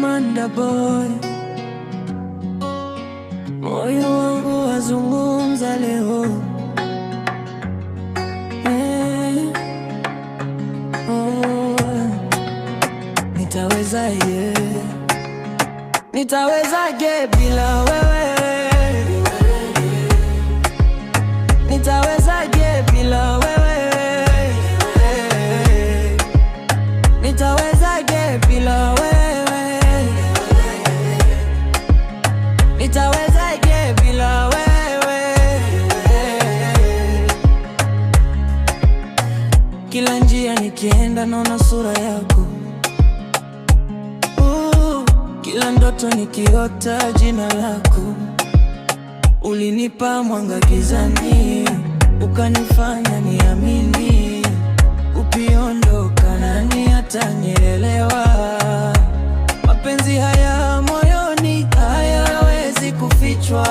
Manda boy, moyo wangu wazungumza leo eh, oh, nitaweza ye yeah. Nitawezaje bila wewe? ge. Kila njia nikienda naona sura yako kila ndoto nikiota jina lako. Ulinipa mwanga gizani, ukanifanya niamini. ukiondoka nani atanielewa? Mapenzi haya moyoni hayawezi kufichwa.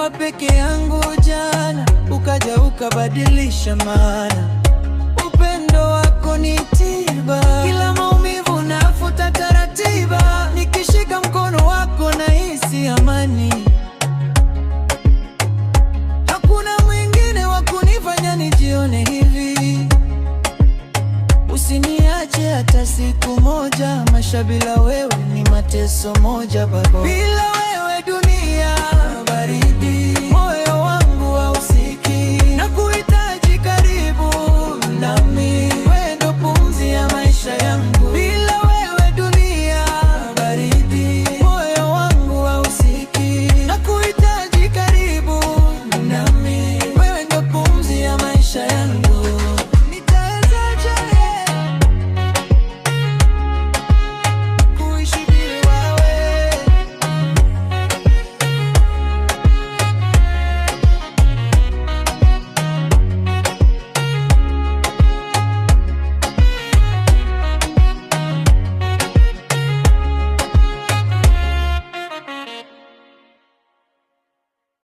nilikuwa peke yangu jana, ukaja ukabadilisha maana. Upendo wako ni tiba, kila maumivu nafuta taratiba. Nikishika mkono wako nahisi amani, hakuna mwingine wa kunifanya nijione hivi. Usiniache hata siku moja, maisha bila wewe ni mateso moja baba. Bila wewe dunia baridi